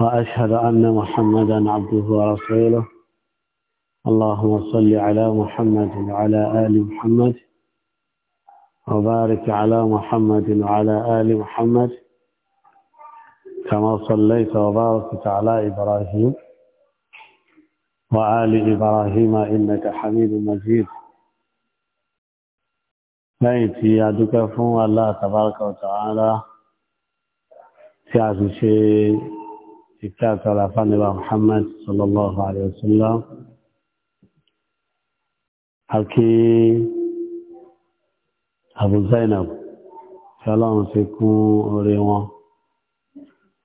وأشهد أن محمدا عبده ورسوله اللهم صل على محمد وعلى آل محمد وبارك على محمد وعلى آل محمد كما صليت وباركت على إبراهيم وآل إبراهيم إنك حميد مجيد لأيتي يا فون الله تبارك وتعالى في عزيزي ìfẹ́ àtàrà fánilá Muhammad sallallahu alayhi wa sallam àkí Abu Zainab fẹ́lọ́run sí kún orí wọn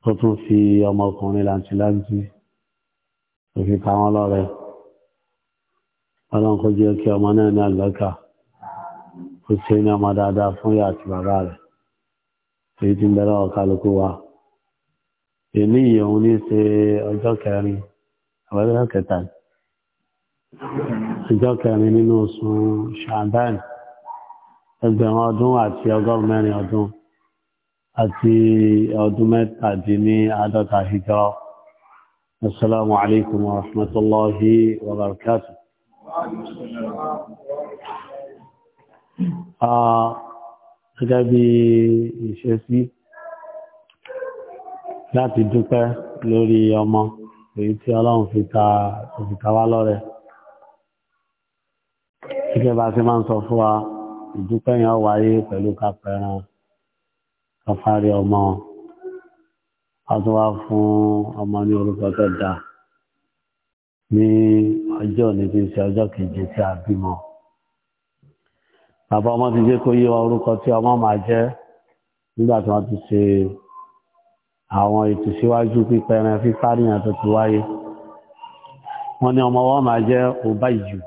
tó tún fi ọmọkùnrin làǹtìláǹtì òfin pa wọn lọ́rẹ̀ ọlọ́run kó jẹ́ kí ọmọ náà ní àlọ́kà ó ṣe ní ọmọ dáadáa fún ìyá àti bàbá rẹ̀ èyí tí ń bẹ̀rẹ̀ ọ̀kálukú wa èmi yìí òun ní ṣe ọjọ́ kẹrin àbájọ́ kẹta ọjọ́ kẹrin nínú oṣù ṣàbán ẹgbẹ̀rún ọdún àti ọgọ́rùn mẹ́rin ọdún àti ọdún mẹ́tàdínní àádọ́ta hijra assalamu alaikum wa rahmatullahi wa barakatuh ah, gẹ́gẹ́ bí ìṣesí láti dúpẹ́ lórí ọmọ èyí tí ọlọ́run fi ta òfin ta wá lọ́rẹ. Gẹ́gẹ́ bá ti máa ń sọ fún wa, ìdúpẹ́ yẹn wáyé pẹ̀lú kápẹ́ràn ọ̀fárí ọmọ. A tún wá fún ọmọ ní orúkọ tó dáa ní ọjọ́ òní tí ṣe ọjọ́ keje tí a bímọ. Bàbá ọmọ ti jẹ́ kó yé wa orúkọ tí ọmọ máa jẹ́ nígbà tí wọ́n ti ṣe àwọn ètò síwájú pípa ẹran fífá ní àtọ́ ti wáyé wọ́n ní ọmọ wọn máa jẹ́ Ubayyu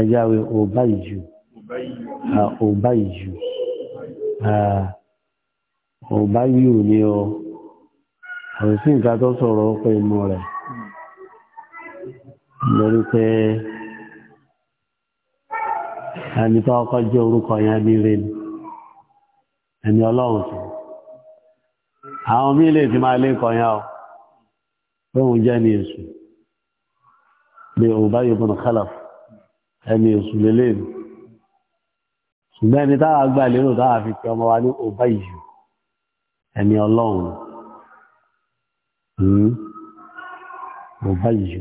ẹjáwé Ubayyu Ubayyu ah, Ubayyu ah, ni o ọ̀rọ̀ sí nǹkan tó sọ̀rọ̀ pé mọ́ rẹ̀ lórí pé ẹni tó ọkọ̀ jẹ́ orúkọ yẹn ní rẹ̀ ẹni ọlọ́run sọ̀rọ̀ àwọn mí lè ti máa lé kọ̀ọ̀yá ọ lóhun jẹ́ ní èṣù bí o bá yóò bọ̀nà kálà ẹni èṣù lélẹ̀ ni ṣùgbọ́n ẹni táwa gbà lérò táwa fi pe ọmọ wa ní ọba yìí ẹni ọlọ́run ọba hmm? yìí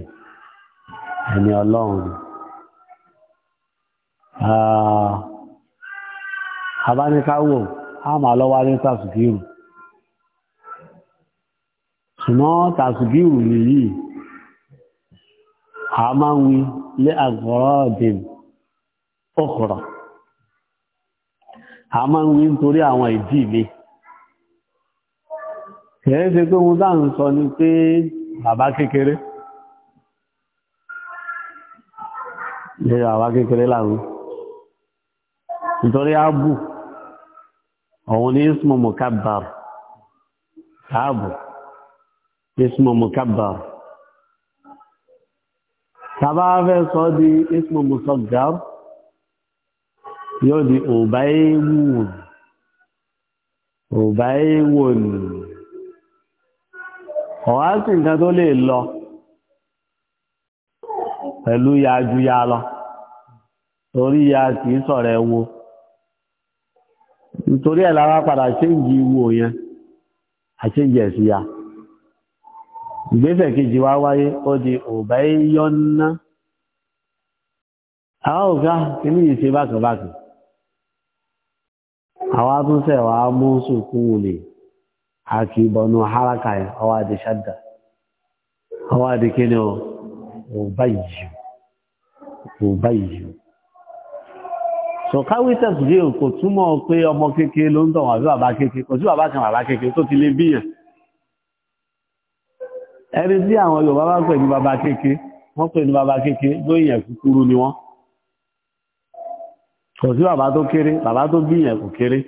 ẹni ọlọ́run àbáníkáwò ah, á máa lọ́wọ́ ní sàṣùkírù ṣùgbọ́n tàṣùbíù nìyí a máa ń wí lé àgọ́rọ̀ dìm ọkọ̀rọ̀ a máa ń wí nítorí àwọn ìdí mi kìí ṣe pé wọ́n dáhùn sọ ni pé bàbá kékeré lè bàbá kékeré láàrú nítorí ábù ọ̀hun ní ismu mukabbar ábù ismu mukabbar tàbá fẹ́ sọ di ismu musaghar yóò di ubaywun ubaywun ọ̀wá sí nǹkan tó lè lọ pẹ̀lú ya ju ya lọ torí ya kì í sọ̀rọ̀ ẹ wo nítorí ẹ̀ lára padà ṣéǹjì wo yẹn àṣéǹjì ẹ̀ sí ya ìgbésẹ̀ kejì wá wáyé ó di òbáyọ́nà àwọn ọ̀gá kí ní ìṣe bákàbákà àwọn atúnṣe wà á mú sùkún olè àti ìbọnú haraka yẹn ọwọ́ àti ṣádà ọwọ́ àti kíni ọ òbáyìí òbáyìí sọ̀káwí tẹ̀sùdí kò túmọ̀ pé ọmọ kékeré ló ń tọ̀ wà sí bàbá kékeré kò sí bàbá kan bàbá kékeré tó ti lè bíyàn ẹni tí àwọn Yorùbá bá pè ní bàbá kéèké wọ́n pè ní bàbá kéèké lóyìn kúkúrú ni wọ́n kò sí bàbá tó kéré bàbá tó bí yẹn kò kéré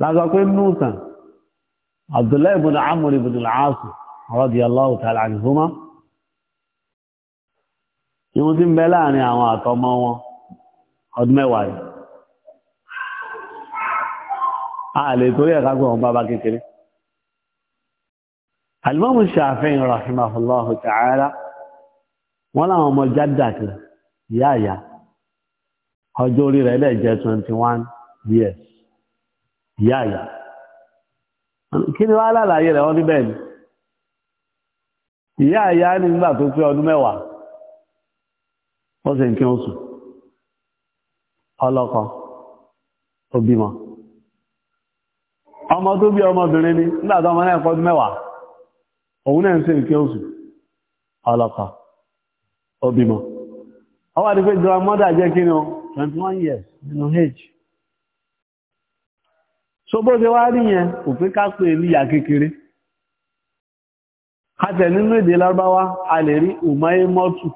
lásọ pé nùtàn Abdullahi ibn Amr ibn al-As radiyallahu ta'ala anhuma ìwọ̀n tí ń bẹ torí ẹ̀ká gbọ́n bàbá kékeré alimọ́mù ṣàfihàn rahimahullahu ta'ala wọ́n láwọn ọmọ jádà kan yáàyà ọjọ́ orí rẹ̀ lẹ́ẹ̀ 21 years yáàyà kí ni wá lálàyé rẹ̀ wọ́n níbẹ̀ ni yáàyà ní nígbà tó pé ọdún mẹ́wàá ó sì ń kí oṣù ọlọ́kọ ó bímọ ọmọ tó bí ọmọbìnrin ni nígbà tó ọmọ náà kọ́ ọdún mẹ́wàá òun náà ń ṣe nǹkan oṣù ọlọ́pàá obìmọ̀ ọwọ́ àdúgbò grandmother jẹ́ kí ni 21 years nínú age so bó ṣe wá rí yẹn kò pé ká pè ní ìyà kékeré kàtẹ̀ nínú èdè lárúbáwá a lè rí umaye mọ́tù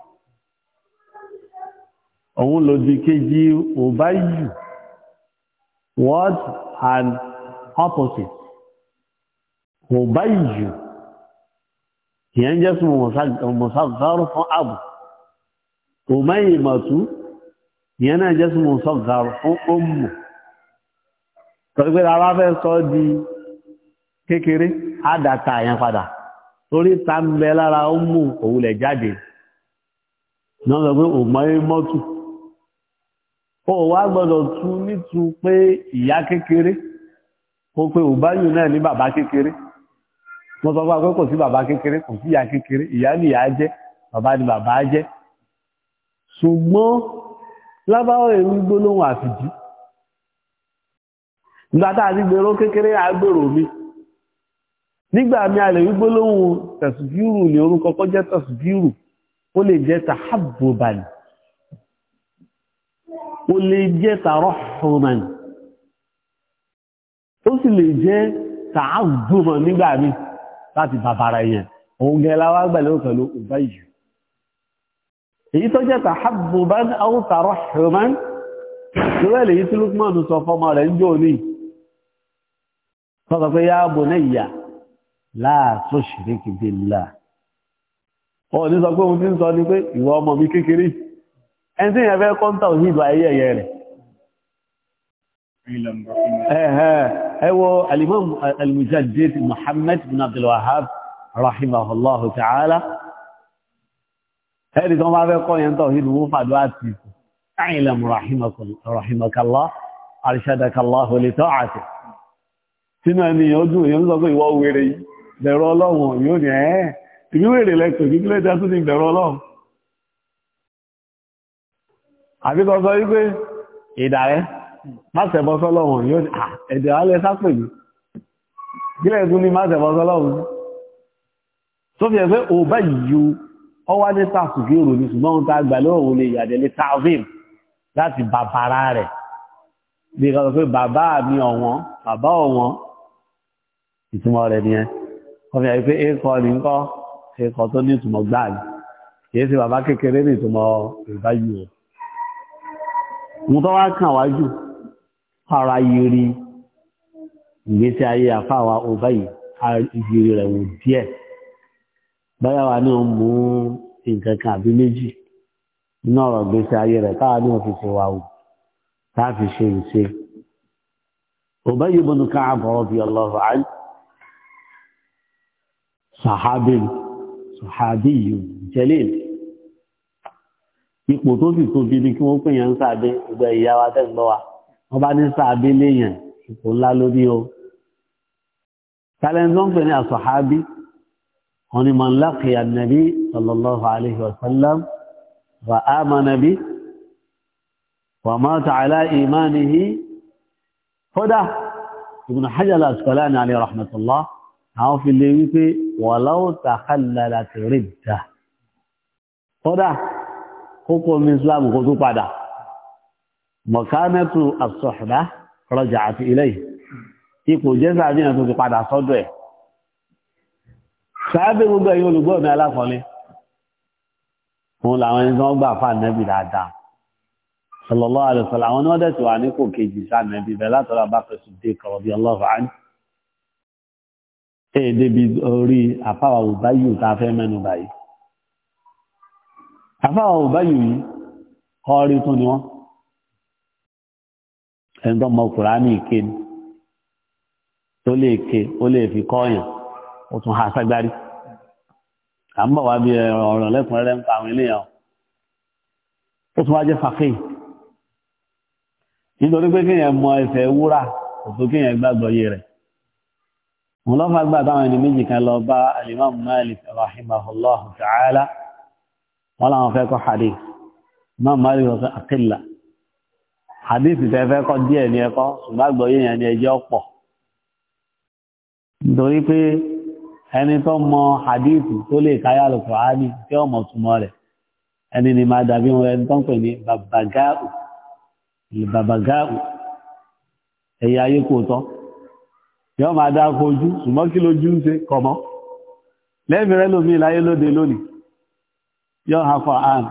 òun lòdì kejì òbáyù word and opposite òbáyù ìyẹn jẹ́ sùn mùsàgárù fún àbù òmáyè màtú ìyẹn náà jẹ́ sùn mùsàgárù fún òmù pẹ̀lú ara fẹ́ sọ di kékeré àdàtà yẹn padà torí ta ń bẹ lára òmù òwúlẹ̀ jáde náà sọ pé òmáyè mọ́tù ó wá gbọ́dọ̀ tú nítú pé ìyá kékeré kó pé òbáyù náà ní bàbá kékeré mo sọ fún akẹ́kọ̀ọ́ sí bàbá kékeré kò sí ìyá kékeré ìyá ni ìyá jẹ́ bàbá ni bàbá jẹ́ ṣùgbọ́n lábáwọ̀ èmi gbólóhùn àfìdí nígbà tá a ti gbèrò kékeré agbèrò mi nígbà mi a lè rí gbólóhùn tẹ̀sùfíìrù ní orúkọ kọ́ jẹ́ tẹ̀sùfíìrù ó lè jẹ́ tàhábùbàn ó lè jẹ́ tàrọ́hùmàn ó sì lè jẹ́ tàhábùmàn nígbà míì láti bàbára yẹn òun gẹ láwá gbẹ̀lẹ́ pẹ̀lú ọba yìí èyí tó jẹ́ tàhábùbán áwùtàrọ̀ ṣùgbọ́n ìrẹ́lẹ̀ yìí tí lukman sọ fọmọ rẹ̀ ń jò ní sọ́sọ̀ pé yá bò ní ìyà láàtò ṣìríkì bí là ọ ní sọ pé òun sọ ní pé ìwọ ọmọ mi kékeré ẹni tí ìyẹn fẹ́ kọ́ńtà òhìbà ayẹyẹ rẹ̀ ẹwọ alimam al-mujaddid muhammad bin abdul wahab rahimahullahu ta'ala ẹni tó máa fẹ́ kọ́ yẹn tó hìdù wọ́n fàdó àti àìlẹ̀m rahimakallah arṣadakallahu li ta'ati sínú ẹni yóò dùn yóò sọ pé ìwọ wèrè bẹ̀rọ ọlọ́run yóò ní ẹ́ ìbí wèrè lẹ́kọ̀ọ́ kí kílẹ̀ jásù ní bẹ̀rọ ọlọ́run àbíkọ́ sọ wípé ìdàrẹ́ máṣẹ̀bọ́ sọ́lọ́run yóò ah, ẹ̀dẹ̀ alẹ́ sápè yìí gílẹ̀ tún ní máṣẹ̀bọ́ sọ́lọ́run tó fi ẹ̀fẹ́ òbá yìí ọwá ní sàkùkì òrò ní ṣùgbọ́n tá gbà lóòrùn lè yàdẹ̀lé tàvim láti bàbára rẹ̀ bí kan pé bàbá mi ọ̀wọ́n bàbá ọ̀wọ́n ìtumọ̀ rẹ̀ nìyẹn wọ́n fi àyíké ẹ̀kọ́ ní ńkọ́ ẹ̀kọ́ tó ní ìtumọ̀ gbáà ni kìí ṣe bàbá kékeré ní ìtumọ̀ ìbáyìí o mo tọ́ wá kàn wájú fara yiri ìgbésí ayé àfáwà ọba yìí ìgbèrè rẹ̀ wò díẹ̀ báyà wà ní òun mú nǹkan kan àbí méjì nínú ọ̀rọ̀ ìgbésí ayé rẹ̀ táwa ní òfin ṣe wò tá fi ṣe ìṣe ọba yìí bọ́nu ká àbọ̀ ọbí ọlọ́run àyè sàhábìn sàhábì yìí jẹ́lẹ̀ ipò tó sì tóbi ni kí wọ́n pè yàn ń sàdé ìgbà ìyá wa tẹ́ ń gbọ́ wa wọ́n bá ní sàábí léèyàn ipò ńlá lórí o tàlẹ́ńtì wọ́n pè ní àsọ̀hábí wọ́n ni man laqiya nàbí sallallahu alayhi wa sallam wa amana bi wa mata ala imanihi kódà ibùn Hajar al-Asqalani alayhi rahmatullah àwọn fi lè wípé walaw takhallalat ridda kódà kókó mi islam kó tún padà mọ̀kánẹ́tù àṣọ̀ṣọ̀dá rọjà àti ilé ipò jẹ́ sáàbí ẹ̀ tó ti padà sọ́dọ̀ ẹ̀ sáàbí gbogbo ẹ̀yìn olùgbọ́ mi alákọ̀ọ́lẹ́ òun làwọn ẹni tó ń gbà fà nẹ́bì dáadáa sallallahu alaihi wasallam àwọn ọdẹ tí wà ní kò kejì sáà nẹ́bì bẹ̀ látọ̀rọ̀ bá fẹ́ ẹni tó mọ kùránì ké ni tó lè ké ó lè fi kọ́ọ̀yàn ó tún ha ságbárí à ń bọ̀ wá bí ọ̀rọ̀ lẹ́kùnrẹ́rẹ́ ń pa àwọn eléyàn ó tún wá jẹ́ fàkíì nítorí pé kéèyàn mọ ẹsẹ̀ wúrà òtún kéèyàn gbàgbọ́ yé rẹ̀ wọn lọ́fà gbà táwọn ẹni méjì kan lọ bá alimami Malik rahimahullah ta'ala wọn làwọn fẹ́ kọ́ hadith imam Malik rọ̀ sí hadithi tẹ́fẹ́ kọ́ díẹ̀ ní ẹ̀kọ́ ṣùgbàgbọ́ yíyan ni ẹjẹ́ ọ̀pọ̀ nítorí pé ẹni tó mọ hadithi tó lè káyà lùkù áàdì tí ọmọ túmọ̀ rẹ̀ ẹni ni máa dàbí wọn ẹni tó ń pè ní babagáù babagáù ẹ̀yà ayé kò tọ́ yọ máa dá kojú ṣùgbọ́n kí lójú ń ṣe kọ̀mọ́ lẹ́mìí rẹ lómi láyé lóde lónìí yọ hàn fọ àn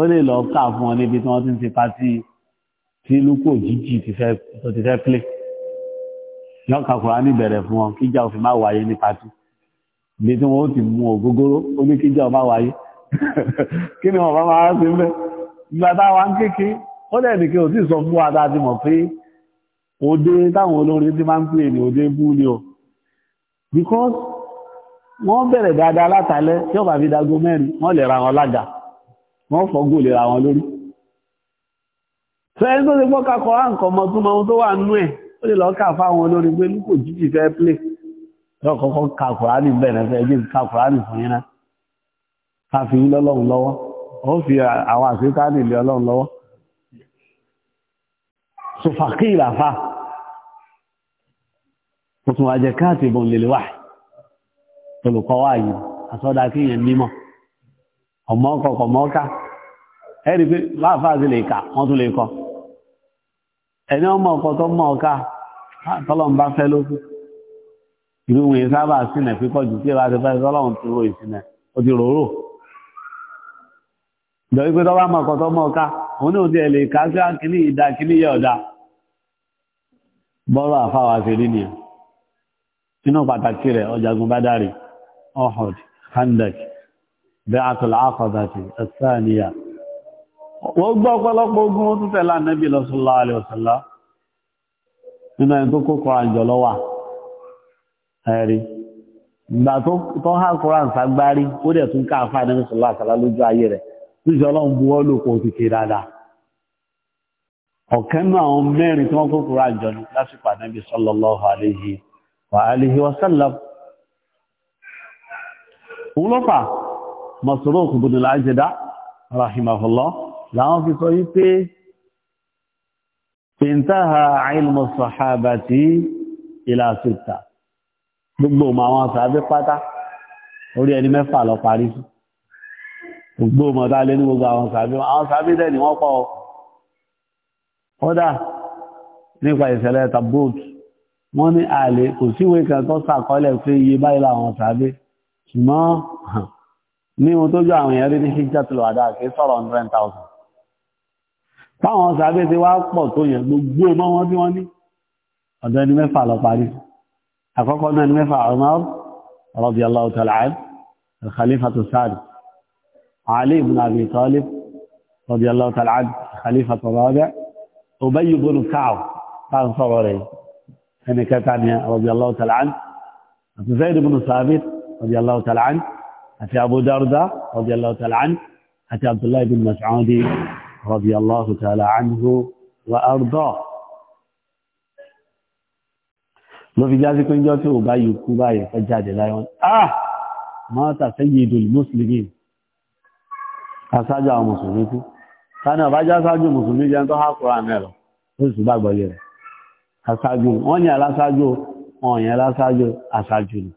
ó lè lọ ká fún ọ níbi tí wọ́n ti ń ṣe pátí yìí tí lukú òjijì ti fẹ́ tó ti fẹ́ plé yọ̀ǹkà Kùránì bẹ̀rẹ̀ fún wọn kíjà òfin má wáyé ní patí bí tí wọ́n ti mú ògógóró ó ní kíjà ọmá wáyé kí ni wọ́n bá máa ṣe ń bẹ́ ìgbà táwa ń kéèké ó dẹ̀ ní kí o sì sọ fún wa dáa ti mọ̀ pé òde táwọn olórin ti máa ń pè ní òde bú ni o because wọ́n bẹ̀rẹ̀ dáadáa látàlẹ́ tí ọba fi dago mẹ́rin wọ́n lè ra wọn lága wọ́n fọ́gò lè ra wọn lórí fẹ́ẹ́ tó ti pọ́ka kọ́ ráǹkọ́ mọ́ tó máa tó wà nú ẹ̀ ó lè lọ́ọ́ kà fáwọn olórí pé ní kò jíjì fẹ́ plé lọ́kọ̀ọ́kọ́ ka kùránì bẹ̀rẹ̀ fẹ́ jí ka kùránì fún yín náà ká fi yín lọ́lọ́run lọ́wọ́ ó fi àwọn àṣetánì lé ọlọ́run lọ́wọ́ sọfàkì ìlàfà ó tún wá jẹ káàtì ìbọn lè wà olùkọ́ wà yìí àtọ́dá kí yẹn mímọ̀ ọmọ ọkọ̀ ọmọ ọkà ẹ̀rí pé láàfáà sí lè kà wọ́n tún lè kọ́ ẹni ọmọ ọkọ̀ tó mọ̀ ọ̀ká tọ́lọ́n bá fẹ́ lókù ìlú wọn yìí sábà sínà pípọ̀ jù tí ti fẹ́ tọ́lọ́n ti ro ìsinà ó ti ròrò ìjọ wípé tó bá tó òun sí àkíní ìdá kíní yẹ àfáwà rí nìyẹn pàtàkì wọ́n gbọ́ ọ̀pọ̀lọpọ̀ ogun ó tún tẹ̀lé ànábì sallallahu alaihi wasallam nínú ẹni tó kó kọ́ra jọ ẹ̀rí ìgbà tó há kọ́ra ń sagbárí ó dẹ̀ tún ká àfáà ànábì lójú ayé rẹ̀ àwọn mẹ́rin tí wọ́n làwọn fi sọ wípé ìntàhà ilmu sahabati ila sitta gbogbo ọmọ àwọn sàábé pátá orí ẹni mẹ́fà lọ parí sí gbogbo ọmọ tá lé ní gbogbo àwọn sàábé àwọn sàábé dẹ̀ ni wọ́n pọ̀ ọ́dà nípa ìṣẹ̀lẹ̀ Tabuk wọ́n ní àlè kò síwé kan tó sàkọọ́lẹ̀ pé iye báyìí làwọn sàábé ṣùgbọ́n ní ohun tó jọ àwọn èèyàn rí ní ṣíjá tó lọ àdá sọ̀rọ̀ 100,000 táwọn sàbẹ́ ti wá pọ̀ tó yẹn gbogbo mọ́ wọn bí wọ́n ní ọ̀dọ̀ ẹni mẹ́fà lọ parí àkọ́kọ́ náà ni mẹ́fà Umar radiyallahu ta'ala anhu al-khalifatu sáàdì Ali ibn Abi Talib radiyallahu ta'ala anhu al-khalifatu rabi' Ubay ibn Ka'b táwọn sọ̀rọ̀ rẹ̀ ẹni kẹta ni radiyallahu ta'ala anhu àti ibn Thabit radiyallahu ta'ala anhu Abu Darda radiyallahu ta'ala anhu àti Abdullahi ibn Mas'ud رضي الله تعالى عنه وأرضاه ló fi jásí pé ń jọ tí ò bá yìí kú báyìí fẹ́ jáde láyọ́n ah mọ́ta sayyidul muslimin aṣáájú àwọn mùsùlùmí kú tánà bá já sáájú mùsùlùmí jẹ́ tó hákùrá mẹ́rọ ó sì bá gbọ́lé rẹ̀ aṣáájú wọ́n yẹn aláṣáájú wọ́n yẹn aláṣáájú aṣáájú ni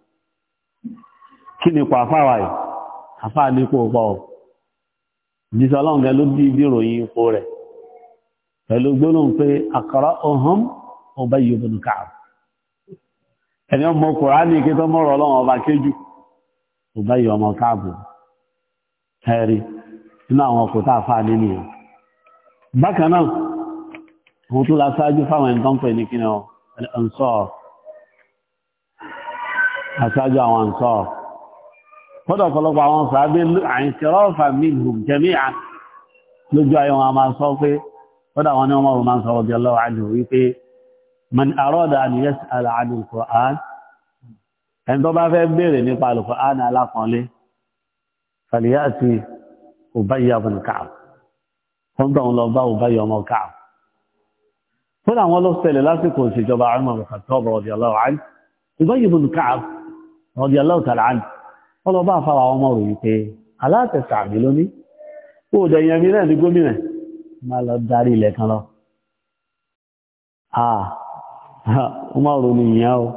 kí ni pa afáwà yìí afáà ní kó pọ̀ jíṣẹ́ ọlọ́run gẹ bí ibi ìròyìn ipò rẹ̀ pẹ̀lú gbólóhùn pé àkàrà ọ̀hún ọba yìí ọdún káàbù ẹni ọmọ kùránì kí mọ́rọ̀ ọlọ́run ọba kéjù ọba yìí ọmọ káàbù ẹ̀rí nínú àwọn ọkọ̀ tá a fà nínú yẹn bákan náà la fáwọn ń pè ní kí ni kọ́dọ̀ ọ̀pọ̀lọpọ̀ àwọn sàábé àìsírọ́fà minhum jami'an lójú ayé wọn a máa sọ pé kọ́dọ̀ àwọn ọmọ ọmọ máa sọ̀rọ̀ bí ọlọ́wọ́ àjò wípé man arada an yas'ala 'an al-Qur'an ẹni tó bá fẹ́ àwọn ọlọ́sẹ̀lẹ̀ lásìkò ìṣèjọba Umar ibn Khattab radiyallahu anhu Ubayy ibn wọ́n lọ bá àfáwà ọmọ rò wípé alátẹ̀sà àmì lóní ó dẹ̀yìn ẹ̀mí náà ní gómìnà máa lọ darí ilẹ̀ kan lọ ọmọ rò ní ìyá o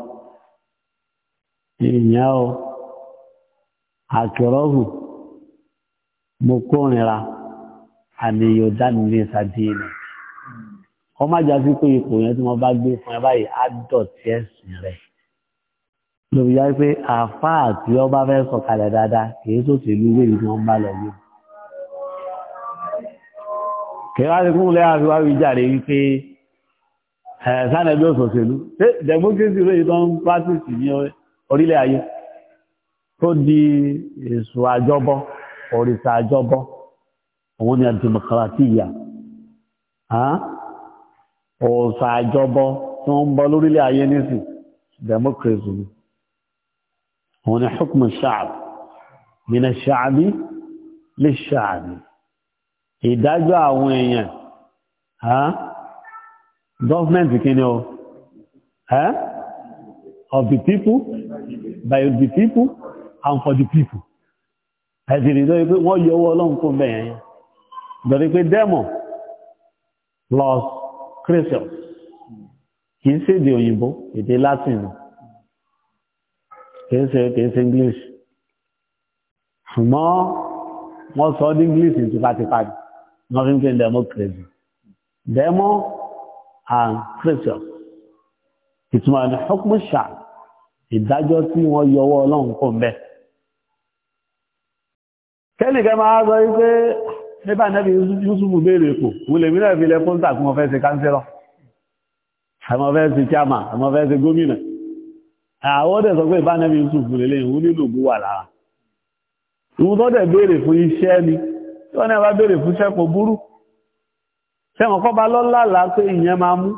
ìyá o àkẹrọ́hù mo kórìnra àmì yóò dá mi ní sàdínì ọmọ pé ipò yẹn tí wọ́n bá gbé fún ẹ báyìí á dọ̀tí ẹ̀sìn rẹ̀ lóbi yá pé àáfàá tí wọ́n bá fẹ́ sọ̀kalẹ̀ dáadáa kì í sòṣèlú wéyìí tí wọ́n bá lọ yìí. kẹwàá ti kún lẹ́yìn àfiwá wí jàre wípé sánẹ́bí òṣòṣèlú democracy lóyìn tó ń pàtìsì ní orílẹ̀ ayé tó di èso àjọbọ òrìṣà àjọbọ òun ni àdìmọ̀kàràtìyà òòṣà àjọbọ tó ń bọ lórílẹ̀ ayé nísìn democracy هنا حكم الشعب من الشعب للشعب ìdájọ́ àwọn èèyàn ha gọ́ọ̀mẹ́ntì kí ها of the people by the people and for the people ẹ̀sìrì tó yí pé wọ́n yọ owó ọlọ́run kó bẹ̀yẹn yẹn gbẹ̀rẹ̀ pé demo plus christians kìí ṣèdè òyìnbó èdè latin kìí ṣe kìí ṣe english ṣùgbọ́n wọ́n sọ ní english tipátipá ni wọ́n fi ń pè democracy demo and christian ìtumọ̀ ní hukmu sha ìdájọ́ tí wọ́n yọwọ́ ọlọ́run kò ń bẹ́ẹ̀ kẹ́nìkẹ́ máa sọ wípé nípa nẹ́bí Yúsùfù béèrè èkó wulè mílẹ̀ ìfilẹ̀ fún tàkùn ọ̀fẹ́ sí kánsílọ̀ àmọ́fẹ́ sí chairman àmọ́fẹ́ sí gómìnà àwọn ọdẹ sọ pé ìbánẹ́bí Yusuf lélẹ̀ ìwú nílò gbó wà lára ìwú tó dẹ̀ béèrè fún iṣẹ́ ni tí wọ́n náà bá béèrè fún iṣẹ́ kò burú sẹ́wọ̀n kọ́ bá lọ́lá pé ìyẹn máa mú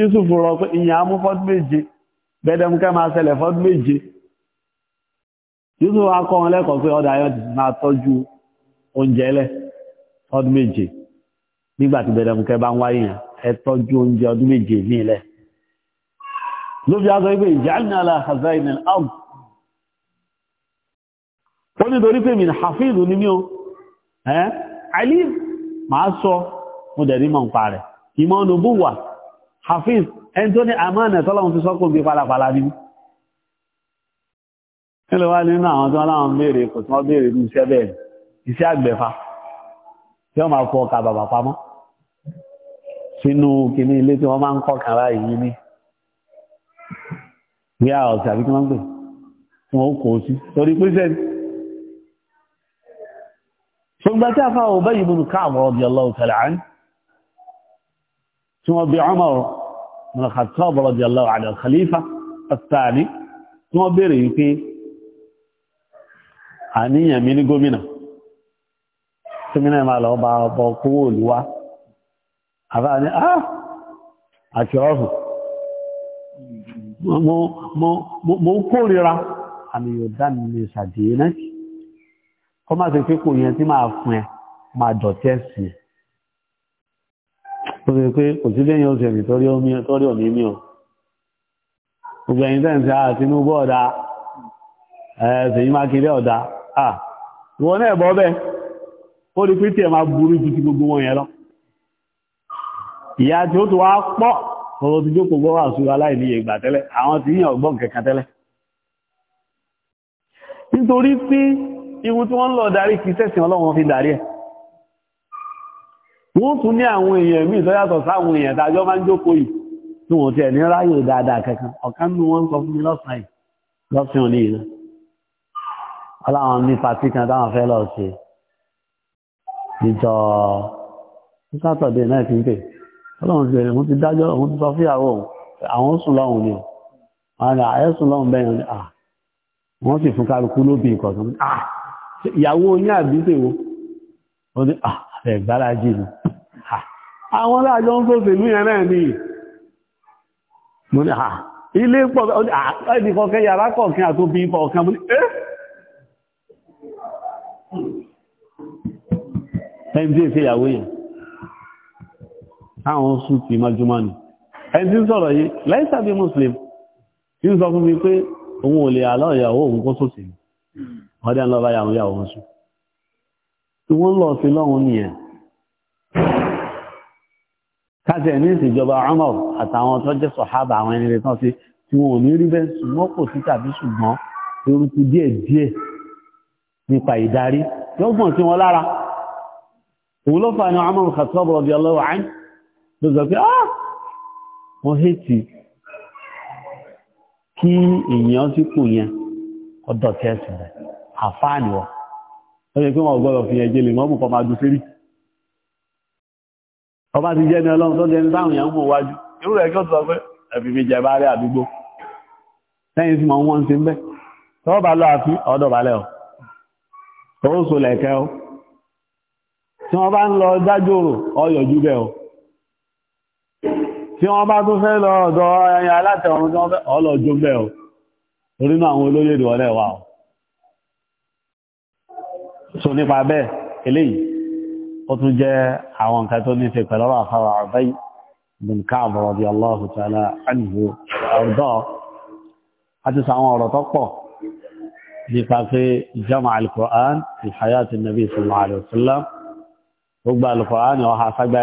Yusuf rọ pé ìyẹn á mú fọ́dún méje bẹ́ẹ̀dẹ̀mùkẹ́ máa ṣẹlẹ̀ fọ́dún méje Yusuf akọ́ wọn lẹ́kọ̀ọ́ pé ọdọ̀ ayọ́ ti máa tọ́jú ló fi aṣọ ipé ìjáàmì aláhàzá ìnà ààbù ó nítorí pé mi hafiz ní mí o ẹ́ alif máa sọ mo dẹ̀ ní mọ̀ ń pa rẹ̀ ìmọ̀ ọ̀nà bó wà hafiz ẹni tó ní àmánà tọ́lọ́run fi sọ́kùn bí pálapàla bí nílò wá nínú àwọn tí wọ́n láwọn béèrè ní iṣẹ́ bẹ́ẹ̀ iṣẹ́ àgbẹ̀fà tí wọ́n máa fọ ọkà bàbà pamọ́ bí a ọ̀sẹ̀ àbíkí máa ń gbè wọn ó kò sí torí pé sẹ́ni ṣùgbọ́n tí a fa ọ̀bẹ́ yìí múnú káàbọ̀ ọ̀bí ọlọ́run tẹ̀lé àárín tí wọ́n bí ọmọ ọ̀rọ̀ Khattab radiyallahu anhu al-Khalifa al-Thani tí wọ́n béèrè wípé àníyàn mi mo ń kórira àmì yọ̀dá mi ní ìṣàdìyẹ náà kọ́ máa ṣe pé kò yẹn tí máa fún ẹ máa dọ̀tí ẹ̀sìn ó ṣe pé kò sí lẹ́yìn oṣù ẹ̀mí tọ́rí òní mi ò gbogbo ẹ̀yin tẹ́ǹsì àà ah, Tinubu ọ̀dà ẹ̀ẹ́sìn Mákindé ọ̀dà à ah, náà bọ́ bẹ́ẹ̀ ó rí máa burú ju ti gbogbo wọn ọ̀rọ̀ ti jókòó gbọ́ wà súra láì níye ìgbà tẹ́lẹ̀ àwọn ti yàn ọgbọ́n kẹ̀kẹ́ tẹ́lẹ̀ nítorí pé iwu tí wọ́n lọ darí kì í sẹ́sìn ọlọ́run fi darí ẹ̀ wọ́n tún ní àwọn èèyàn míì tó yàtọ̀ sáwọn èèyàn tàjọ́ máa ń jókòó yìí tí wọ́n ti ẹ̀ ní ráyè dáadáa kankan ọ̀kan nínú wọn sọ fún mi lọ́sàn yìí lọ́sàn òní yìí ọláwọn ní pàtí kan táwọn fẹ́ lọ ṣe ìjọ sátọ̀dé náà ti ń pè ọlọ́run ti bẹ̀rẹ̀ wọ́n ti dájọ́ wọ́n ti sọ fí àwọ̀ àwọn sùn lọ́hùn ni ọ̀rọ̀ àyẹ́sùn lọ́hùn bẹ́yàn ni à wọ́n sì fún kálukú lóbi ìkọ̀tún à ìyàwó ní àbíṣèwò ó ní à ẹ̀gbálájì ni àwọn láàjọ ń tó fèlú yẹn náà ni mo ní à ilé pọ̀ ẹni kọ̀ọ̀kan yàrá kọ̀ọ̀kan àtóbi kọ̀ọ̀kan mo ní ẹ́ ẹni tí èsì ìyàwó yẹn táwọn sùn ti mọ́júmọ́ ni ẹni tí ń sọ̀rọ̀ yìí láìsà bí muslim tí ń sọ fún mi pé òun ò lè àlọ́ ìyàwó òun kó sòsì ni ọdẹ ń lọ bá yàwó yàwó wọn sùn tí wọ́n lọ sí lọ́hùn nìyẹn káṣí ẹ̀ ní ìsìnjọba ọmọ àtàwọn tó jẹ́ sọ̀hábà àwọn ẹni rẹ̀ tán sí tí wọn ò díẹ̀ díẹ̀ nípa ìdarí yóò gbọ̀n sí wọn lára òun ló fa ni ọmọ Khattab radiyallahu anhu ló sọ pé ah wọ́n hẹ́tì kí èèyàn tí kù yẹn ọdọ̀ tí ẹ̀sùn rẹ̀ àfáàní wọ ó yẹ kí wọ́n gbọ́dọ̀ fi ẹ̀jẹ̀ lè mọ́bù kọ́ máa dùn sérí ọba ti jẹ́ ní ọlọ́run tó dẹni táwọn èèyàn ń mú wájú irú rẹ̀ kí ó sọ pé ẹ̀fì mi jẹ báárẹ̀ àdúgbò lẹ́yìn tí mo ń wọ́n ti ń bẹ́ tọ́wọ́ bá lọ àfi ọ̀dọ̀ balẹ̀ ọ̀ tọ́wọ́ sọ lẹ̀kẹ́ ọ́ tí wọ́n bá ń lọ dájòrò ọyọ̀jú bẹ́ẹ̀ ọ́ tí wọ́n bá tún fẹ́ lọ ọ̀dọ̀ ẹyin alátẹ̀ọ̀run tí wọ́n fẹ́ ọlọ́jọ́ bẹ́ ọ torí náà àwọn olóyè ìdíwọ́lẹ̀ wà ọ so nípa bẹ́ẹ̀ eléyìí ó tún jẹ́ àwọn nǹkan tó ní ṣe pẹ̀lú àfàwà àbáyí bin káàbọ̀ rọ̀bí aláhù tààlà ànìhù ọ̀dọ́ àti sàwọn ọ̀rọ̀ tó pọ̀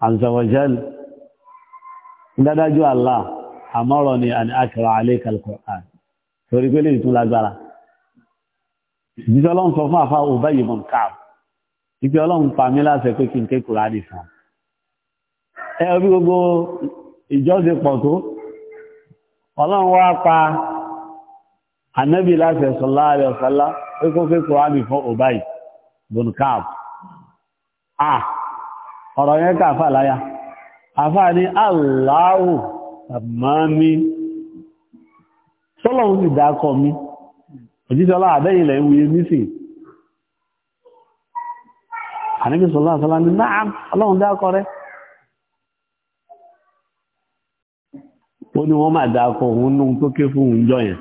azawajal dádájú Allah àmọ́rọ̀ ni an akra alayka al-Qur'an torí pé lè tún lágbára jíjọ́ ọlọ́run sọ fún àfá Ubay ibn Ka'b ìpé ọlọ́run pa mí láṣẹ pé kí n ké Kùránì fún ẹ orí gbogbo ìjọ́sìn pọ̀ tó ọlọ́run wá pa ànábì láṣẹ sallallahu alaihi wasallam pé kó ké Kùránì fún Ubay ibn Ka'b ah ọ̀rọ̀ yẹn ká àfà láyá àfà ní aláwò àmàmí sọ́lọ̀un sì dákọ̀ mi òjísọ́lá àbẹ́yìnlẹ̀ ìwòye mísìn àníbí sọ́lá àsọ́lá ní náà ọlọ́run dákọ̀ rẹ̀ ó ní wọ́n máa dákọ̀ òun nú tó ké fún òun jọ yẹn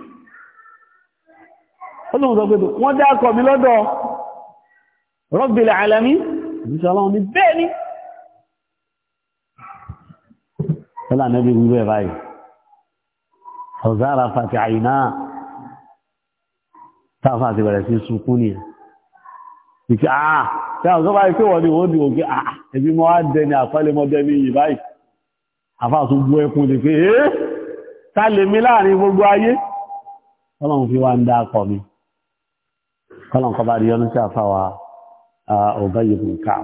ọlọ́run sọ pé wọ́n dákọ̀ mi lọ́dọ̀ rọ́bìlẹ̀ àlàmí òjísọ́lá ní bẹ́ẹ̀ ni kọ́lá nẹ́bí wíwẹ̀ báyìí ọ̀zára fàtí àìná táfà ti bẹ̀rẹ̀ sí sunkún ni ìkí àà tí àwọn ọ̀sọ́bá ikú wọ́n ni wọ́n ni òkè àà ẹbí mọ́ á dẹni àfẹ́lẹ́mọ́dẹ́ ní yìí báyìí àfà tún bú ẹkùn lè pé ẹ́ tá lè mí láàrin gbogbo ayé ọlọ́run fi wá ń dá akọ mi kọ́lọ́n kọ́ bá rí ọ́nà sí àfà wa ọ̀gá yìí kù káà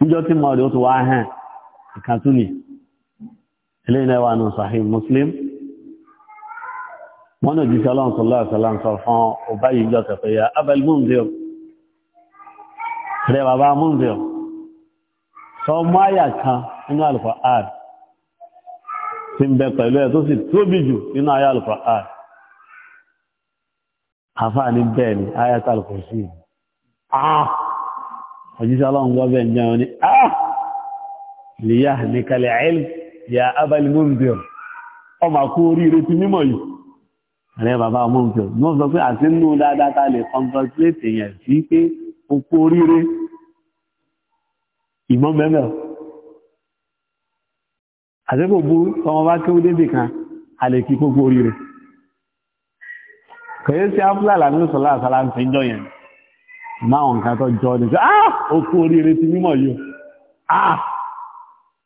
níjọ́ tí mo rí ó ti wá hàn ìkàtúnì eléyìí wà ní sahih muslim wọ́n náà jíṣẹ́ aláwọ̀ sọ́lá àtàlà ń sọ fún ọba yìí jọ tẹ̀fẹ́ ya abel munzir rẹ̀ bàbá munzir sọ mọ́ àyà kan nínú al-Qur'an tí ń bẹ pẹ̀lú ẹ̀ tó sì tóbi jù nínú àyà al-Qur'an àfáà ní bẹ́ẹ̀ ni àyà tàlùkọ̀ sí i ah ọjíṣẹ́ aláwọ̀ ń gbọ́ ní ah lìyá ní kalẹ̀ ilm yà abal munzir ọmọ àkó oríire ti mímọ̀ yìí ààrẹ bàbá munzir ní wọ́n sọ pé àti nínú dáadáa ta lè compensate èèyàn sí pé ó kó oríire ìmọ̀ mẹ́mẹ́ àti kò burú tọmọ bá kéwú débì kan a lè kí kókó oríire kẹ̀yẹ́ sí áfúlà làmínú àsálà ń fi jọ yẹn máa nǹkan tó jọ ní pé ah ó kó oríire ti mímọ̀ yìí ah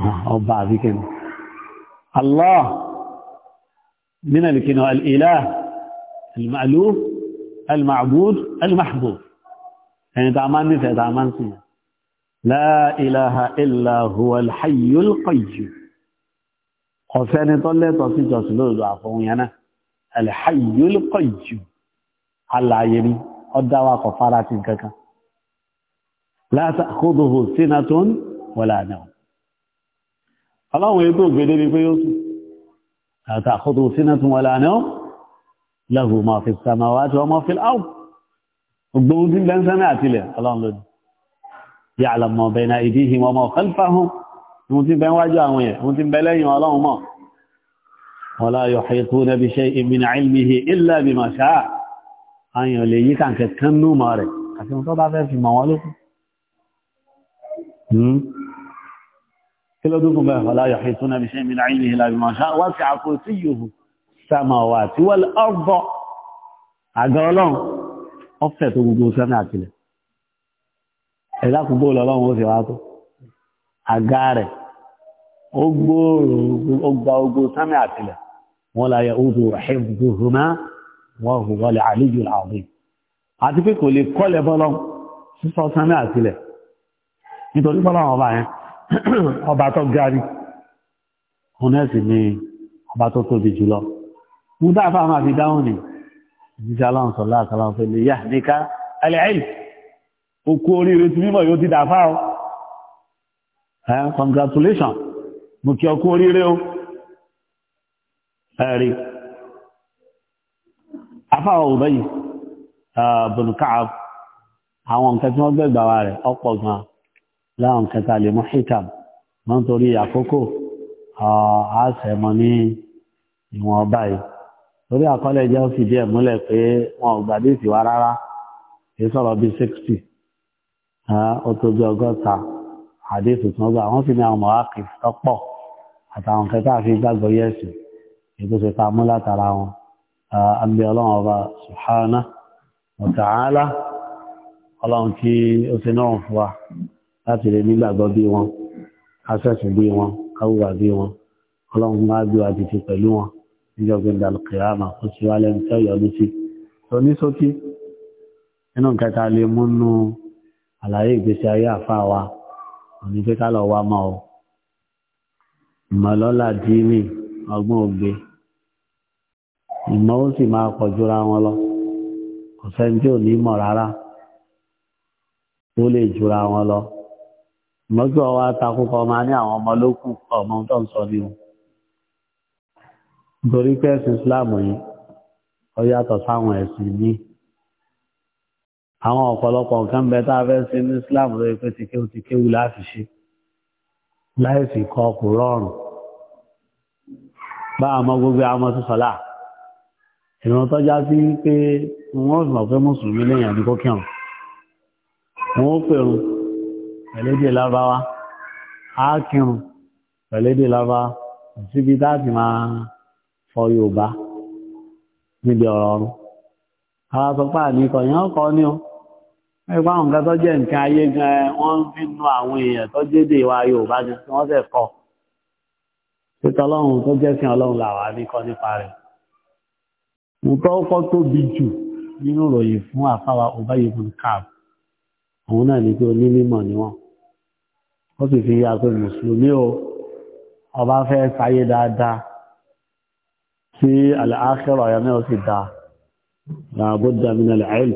أربعة دي كده الله من اللي الإله المألوف المعبود المحبوب يعني دعمان نفع دعمان سنة لا إله إلا هو الحي القيوم قفان طلع طاسي جاسلو دعا فوينا الحي القيوم على العيني قد دعوا قفارات كك لا تأخذه سنة ولا نوم ọlọ́run ètò ògbèdè ni pé ó sùn àtàkùtù sínú tún wọlé àná lẹ́hùn máa fi sàmà wá tí wọ́n máa fi áwù gbogbo ohun tí ń bẹ́ ń sẹ́mẹ́ àtìlẹ̀ ọlọ́run lónìí yà àlàmọ̀ bẹ̀nà ìdí ìhìn ọmọ kọlfàhún ohun tí ń bẹ́ wájú àwọn yẹn ohun tí ń bẹ́ lẹ́yìn ọlọ́run mọ̀ wala yuhituna bi shay'in min ilmihi illa bima sha'a àyàn lè yí kàǹkẹ̀ kan nú mọ̀ rẹ̀ àti ohun tó bá fẹ́ fi mọ̀ wọn lókun kí ló dúkùn bẹ́ẹ̀ wọ́lá yọ̀ ìtún náà ṣe mìíràn ilé ìlàbí máa ṣá wá sí àkóso yòó sàmàwà tí wọ́n lè ọ̀bọ̀ àgọ́ ọlọ́run ọ̀fẹ́ tó gbogbo sẹ́mi àtìlẹ̀ ẹ̀dá kúgbó lọ́lọ́run ó sì wá tó àga rẹ̀ ó gbòòrò ó gba gbogbo àtìlẹ̀ wọ́n la yẹ oṣù ẹ̀bùrùmá wọ́n hù wọlé àlejò ọba tó gari ọ̀nẹ́sì ni ọba tó tóbi jùlọ mú dáfà máa fi dáhùn ní ìjíṣẹ́ aláhùn sọ̀lá àtàlà ọ̀fẹ́ lè yá níká alẹ́ẹ̀lì okú oríire ti mímọ̀ yóò ti dáfà ọ́ congratulation mú kí ọkú oríire ó ẹ̀rí afáwọ̀ ọ̀bẹ́yìn bùnkáà àwọn nǹkan tí wọ́n gbẹ̀gbà rẹ̀ ọ̀pọ̀ gan-an láwọn kẹta lè mú hikam wọ́n torí àkókò àásẹ̀mọ́ ní ìwọ̀n báyìí torí àkọọ́lẹ̀ jẹ́ ó fìdí ẹ̀ múlẹ̀ pé wọn ò gbàdé ìsìwá rárá kì í sọ̀rọ̀ bíi sixty ó tó bí ọgọ́ta àdéhùn tí wọ́n gbà wọ́n sì ní àwọn mọ̀wákì tọ́pọ̀ àtàwọn kẹta àfi gbàgbọ́ yẹ̀sì ètò ṣe mú látara wọn àbí ọlọ́run ọba subhana wa ọlọ́run kí ó ti náà fún wa láti lè nígbàgbọ́ bí wọn kásẹ̀sì bí wọn káwùwà bí wọn ọlọ́run máa gbé wa títí pẹ̀lú wọn níjọ́ gbẹ̀dà kìráàmà kó sì wá lẹ́nu tẹ́ ìyọdún sí tó ní sókí nínú kẹta lè múnú àlàyé ìgbésí ayé àfa wa òní pé ká lọ wá mọ́ ọ ìmọ̀lọ́lá dínì ọgbọ́n ògbé ìmọ̀ ó sì máa pọ̀ wọn lọ kò sẹ́ni tí ò ní mọ̀ rárá ó lè jura wọn lọ mọ́gbọ́n wa takúkọ máa ní àwọn ọmọ lókù ọmọ tó ń sọ ní o nítorí pé ẹ̀sìn Ìsìláàmù yìí ó yàtọ̀ sáwọn ẹ̀sìn ní àwọn ọ̀pọ̀lọpọ̀ nǹkan bẹ tá a fẹ́ ṣe ní Ìsìláàmù lórí pé ti kéwu ti kéwu láti ṣe láìsí kọ kò rọrùn bá àmọ́ gbogbo àmọ́ sí sọ́lá ìran tọ́já sí pé wọ́n mọ̀ pé mùsùlùmí lẹ́yìn àdúgbò kẹrùn-ún wọ́n pèrún pẹ̀lédè lábáwá á kírun pẹ̀lédè lábáwá síbi táàtì máa fọ yorùbá níbi ọ̀rọ̀ ọ̀run àwọn sọpá àníkọ̀ yẹn ọkọ̀ ní o ẹgbẹ́ àwọn nǹkan tó jẹ́ nǹkan ayé gan wọ́n ń fi nu àwọn èèyàn tó jédè wa yorùbá ni tí wọ́n sì kọ́ títí ọlọ́run tó jẹ́ sí ọlọ́run làwà níkọ́ nípa rẹ̀ nǹkan ọkọ̀ tóbi jù nínú ìròyìn fún àfáwà ọba yìí fún káàbù òun náà ní pé onímọ̀ ni wọ́n ó sì fi yàtọ̀ mùsùlùmí o ọba fẹ́ sáyé dáadáa tí àlàáfíà ọ̀yọ́ náà sì dáa làbúdà mìíràn lẹ́yìn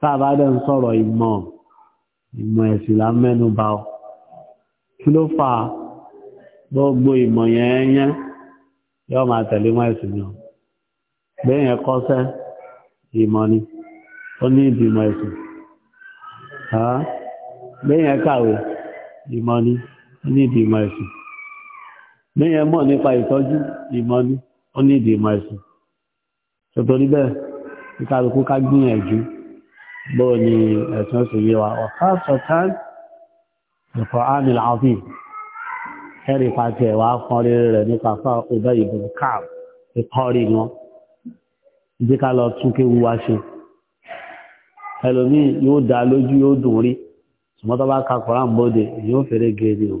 táàbá dẹ̀ ń sọ̀rọ̀ ìmọ̀ ìmọ̀ ẹ̀sìn là ń mẹ́nu bà ọ́ kí ló fà á gbogbo ìmọ̀ yẹn yẹn yóò máa tẹ̀lé mọ́ ẹ̀sìn ni bẹ́ẹ̀ yẹn kọ́sẹ́ ìmọ̀ ni ó ní ìdìmọ̀ ẹ̀sìn bẹ́ẹ̀ yẹn kàwé ìmọ̀ ni ó ní ìdí ìmọ̀ ẹ̀sìn lẹ́yìn mọ̀ nípa ìtọ́jú ìmọ̀ ni ó ní ìdí ìmọ̀ ẹ̀sìn ṣòtò níbẹ̀ ìkàlùkù ká gbìyànjú bóò ni ẹ̀sìn ó sì yé wa ọ̀ká sọ̀tán ẹ̀kọ́ ánì láàfin ẹ̀rì pàṣẹ ẹ̀wà fún rere rẹ̀ nípa fún ọ̀dọ́ ìbùn káàb ìkọ́rí wọn ìdíkà lọ tún kéwu wa ṣe ẹlòmíì yóò dá lójú yóò dùn rí ṣùgbọ́n tó bá ka koran bóde èyí ó fèrè gèdè o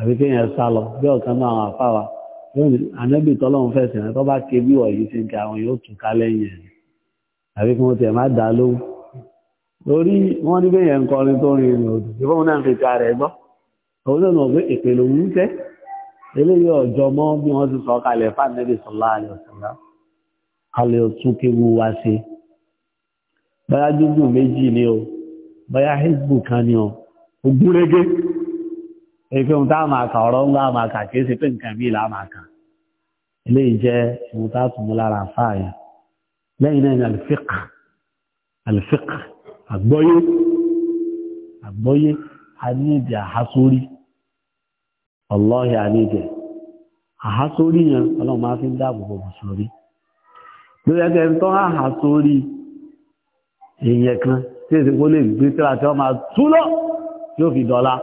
àbí kéèyàn sá lọ bí ọ̀kan náà àwọn afáwa ànábì tọ́lọ́run fẹ̀sẹ̀ rẹ tó bá ké bí wọ̀nyí ṣe ń ka àwọn yóò tún ká lẹ́yìn ẹ̀ àbí kí wọ́n tiẹ̀ má dá lówó lórí wọ́n ní bẹ́yẹn ń kọrin tó rin ìrìn òdì ìfọ́n náà fi ta rẹ̀ gbọ́ òun náà mọ̀ pé ìpèlè òun tẹ́ eléyìí ọjọ́ mọ́ bí wọ́n ti sọ kalẹ̀ fáànẹ́bì sọ̀lá àlẹ́sọ̀lá kalẹ̀ òtún kéwu wá sí báyá méjì ni o bóyá hezbo kan ni ọ ogúnrégé ẹgbẹ́ ohun tá a máa kà ọ̀rọ̀ ńlá a máa kà kìí ṣe pé nǹkan bíi máa kà eléyìí jẹ́ ohun tá a tún mú lára fáàyè lẹ́yìn náà ni àlùfíkà àlùfíkà àgbọ́yé àgbọ́yé anídìí àhásórí ọlọ́ọ̀hìn anídìí àhásórí yẹn ọlọ́run máa fi ń dáàbò bò lórí ẹgbẹ́ tí èsì kó lè gbé tíra tí wọ́n máa túlọ̀ yóò fi dọ́là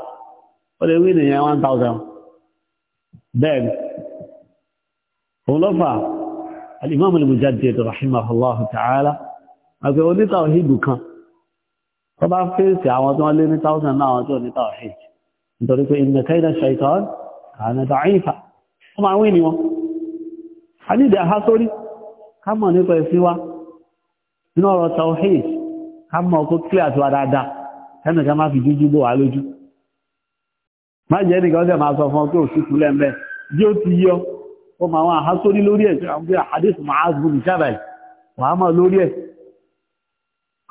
ó lè wí nìyẹn one thousand bẹ́ẹ̀ ni òun ló fà alimami al-Mujaddid rahimahullahu ta'ala àgbẹ̀ onítàwọ̀hídù kan tó bá fèsì àwọn tó wọ́n lé ní thousand náà àwọn tó onítàwọ̀hídù nítorí pé inna kayda shaitan kana da'ifa wọ́n máa mọ̀ nípa ẹ̀sìn wa nínú ọ̀rọ̀ tàwọ̀hídù ká mọ̀ kó kílẹ̀ àti wa dáadáa ẹnì kan má fi dúdú bò wá lójú má jẹ́ nìkan ṣe máa sọ fún ọ pé òṣùkú lẹ́m̀bẹ́ bí ó ti yọ ó máa wọn àhásórí lórí ẹ̀ àwọn bí àdéhùn máa gbó ní sábàlì wàá mọ̀ lórí ẹ̀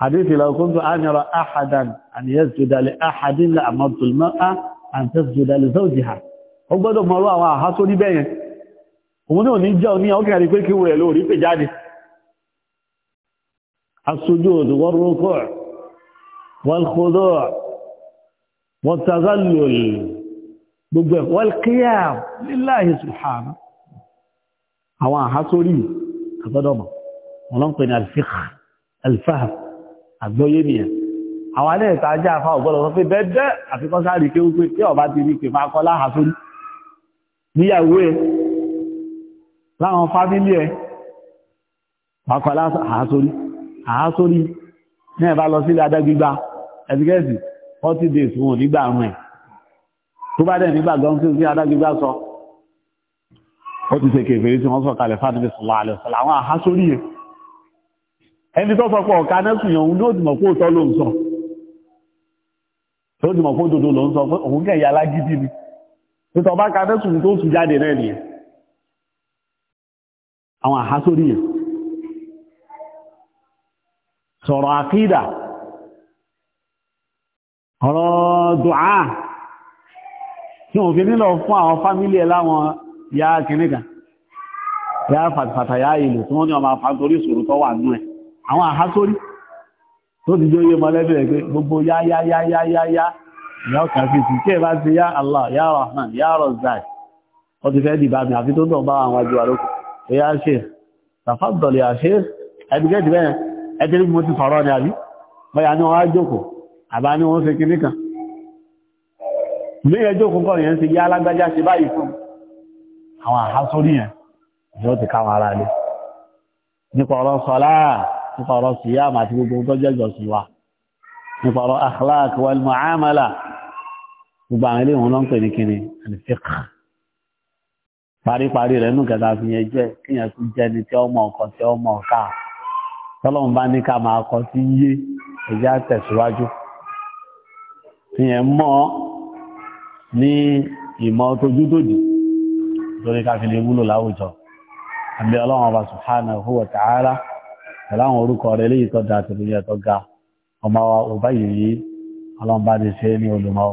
àdéhùn ìlà òkú tó àmìrọ̀ àhàdàn àníyàn tó dalẹ̀ àhàdín là àmọ́ tòlmọ́ á àǹtẹ́ tó dalẹ̀ sọ́ọ̀jì hà ó gbọ́dọ̀ mọ̀ àwọn àhásórí bẹ́yẹn òun náà ní jẹ́ òní àwọn kẹrin pé kí wọ́n rẹ̀ lórí pè jáde السجود والركوع والخضوع والتذلل والقيام لله سبحانه àwọn àhásórí àtọ́dọ̀mọ̀ wọn ló ń pè ní alfiqh alfaham àgbọ́yé nìyẹn àwọn alẹ́ ìta ajá afá ọ̀gbọ́dọ̀ sọ pé bẹ́ẹ̀dẹ́ àfikọ́ sáré ké wípé tí ọba ti rí pé máa kọ́ láhásórí níyàwó ẹ láwọn fámílì ẹ máa kọ́ láhásórí àá sórí náà bá lọ sílé adágbígbá ẹ̀sìkẹ́sì forty days wọn ò ní gbà rún ẹ̀ tó bá dẹ̀ nígbà gan kí n sí adágbígbá sọ ó ti ṣe kèfèrè tí wọ́n sọ kalẹ̀ fáànù sọ̀lá alẹ́ sọ̀lá àwọn àá sórí yẹn ẹni tó sọ pé ọ̀ka nẹ́sùn yẹn òun ní òdìmọ̀ kó tọ́ ló ń sọ tó dìmọ̀ kó dodo ló ń sọ pé òun kẹ̀ yà lágídí ni títọ́ bá ka nẹ́sùn tó sùn jáde náà nìyẹn àwọn àá sórí yẹn sọ̀rọ̀ àkídà ọ̀rọ̀ dùá tí wọ́n fi nílọ fún àwọn fámílì ẹ̀ láwọn ya kìnnìkan ya fàtàfàtà ya ìlú tí wọ́n ní ọmọ àfàntorí ìṣòro tó wà nú ẹ̀ àwọn àhásórí tó ti jóye mọ́lẹ́bí rẹ̀ pé ya ya ya ya ya ya ya ọkà fi sí ya Allah ya Rahman ya Razzaq ọ ti fẹ́ dìbà mi àfi tó dọ̀ bá àwọn àjọ àlókù ó yá ṣe tàfàdọ̀lẹ̀ ẹgbẹ́ mo ti sọ̀rọ̀ ní àbí báyà ní wọ́n á jókòó àbá ní wọ́n ṣe kinní kan mẹ́rẹ̀ jókòó kọ́ yẹn ṣe yá alágbájá ṣe báyìí fún àwọn àhásórí yẹn yóò ti káwọn ara lé nípa ọ̀rọ̀ sọ́lá nípa ọ̀rọ̀ síyàm àti gbogbo tó jẹ́jọ sí wa nípa ọ̀rọ̀ akhlaq wal muamala gbogbo àwọn ilé ìwọ̀n ló ń pè ní kinní al-fiqh paríparí rẹ̀ nù kẹta fi yẹn jẹ́ kíyàn tún jẹ́ ni tí ọmọ ọkọ̀ tí ọmọ ọ̀ká tọ́lọ́run bá ní ká máa kọ sí yé ẹ̀já tẹ̀síwájú ìyẹn mọ́ ní ìmọ̀ tójú tòdì lórí ká fi lè wúlò láwùjọ àbí ọlọ́run ọba subhanahu wa ta'ala pẹ̀láwọn orúkọ rẹ̀ léyìí tó da àtìlẹ́yìn ẹ̀tọ́ ga ọmọ wa ò báyìí yìí ọlọ́run bá ní ṣe ní olùmọ̀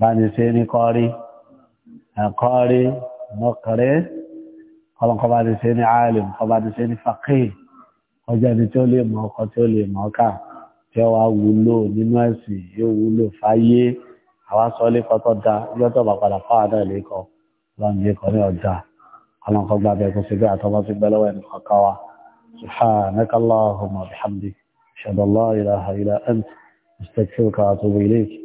bá ní ṣe ní kọ́rí ẹ̀kọ́rí mọ́kọ̀rẹ́ ọlọ́run kọ́ bá ní ṣe ní alim kọ́ bá ní ṣe ní faqih ọjọ́ ẹni tí ó lè mọ ọkọ tí ó lè mọ ká tí ó wá wúlò nínú ẹ̀sìn yóò wúlò fáyé àwa sọ lẹ́kọ̀ọ́ tó da yóò tó bá padà fáwọn náà lẹ́kọ̀ọ́ lọ́nà lẹ́kọ̀ọ́ ní ọ̀dà ọlọ́run kọ́ gbàgbẹ́ kó sì gbé àtọ́mọ́ sí gbẹ́lẹ́wọ̀ ẹni kọ̀ọ̀kan wa سبحانك اللهم وبحمدك اشهد ان لا اله الا انت استغفرك واتوب